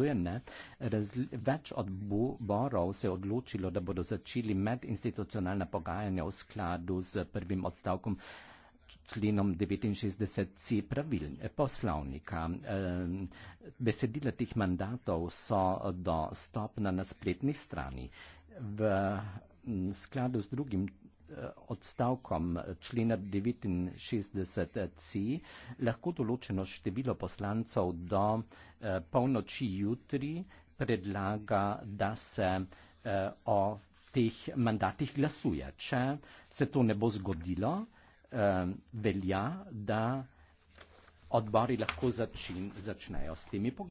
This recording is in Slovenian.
Zujemne, več odborov se je odločilo, da bodo začeli medinstitucionalna pogajanja v skladu z prvim odstavkom členom 69c pravil eh, poslovnika. Besedila teh mandatov so dostopna na spletni strani. V skladu z drugim odstavkom člena 69c lahko določeno število poslancev do eh, polnoči jutri predlaga, da se eh, o teh mandatih glasuje. Če se to ne bo zgodilo, eh, velja, da odbori lahko začin, začnejo s temi pogledi.